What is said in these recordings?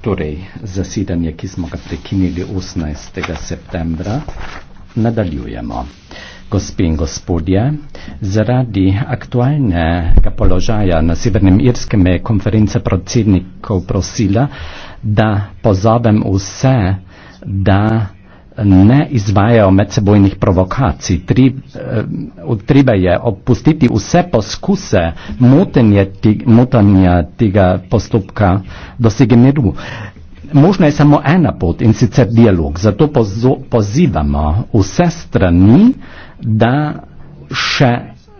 Torej, zasedanje, ki smo ga prekinili 18. septembra, nadaljujemo. Gospe in gospodje, zaradi aktualnega položaja na Severnem Irskem je konferenca predsednikov prosila, da pozovem vse, da ne izvajajo medsebojnih provokacij. Eh, treba je opustiti vse poskuse motanja tega postopka dosege miru. Možna je samo ena pot in sicer dialog. Zato pozivamo vse strani, da še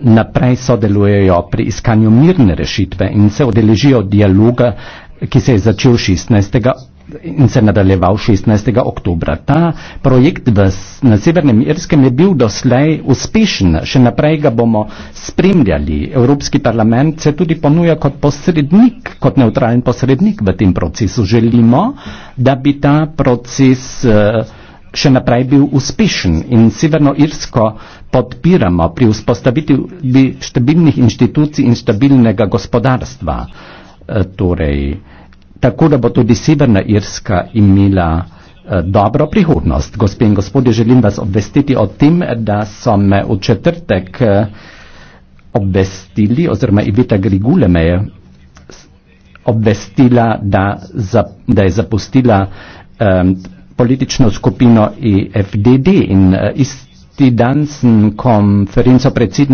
naprej sodelujejo pri iskanju mirne rešitve in se odeležijo dialoga, ki se je začel 16 in se nadaljeval 16. oktober. Ta projekt v, na Severnem Irskem je bil doslej uspešen, še naprej ga bomo spremljali. Evropski parlament se tudi ponuja kot posrednik, kot neutralen posrednik v tem procesu. Želimo, da bi ta proces eh, še naprej bil uspešen in Severno Irsko podpiramo pri vzpostavitvi stabilnih inštitucij in stabilnega gospodarstva. Eh, torej, tako da bo tudi Severna Irska imela eh, dobro prihodnost. Gospe in gospodje, želim vas obvestiti o tem, da so me v četrtek eh, obvestili, oziroma Ivita Grigule me je obvestila, da, za, da je zapustila um, politično skupino IFDD e in uh, isti dan sem konferenco predsednika